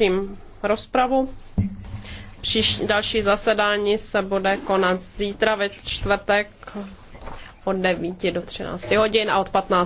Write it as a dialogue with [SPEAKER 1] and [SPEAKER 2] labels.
[SPEAKER 1] Tím rozpravu. Příš, další zasedání se bude konat zítra ve čtvrtek od 9 do 13 hodin a od 15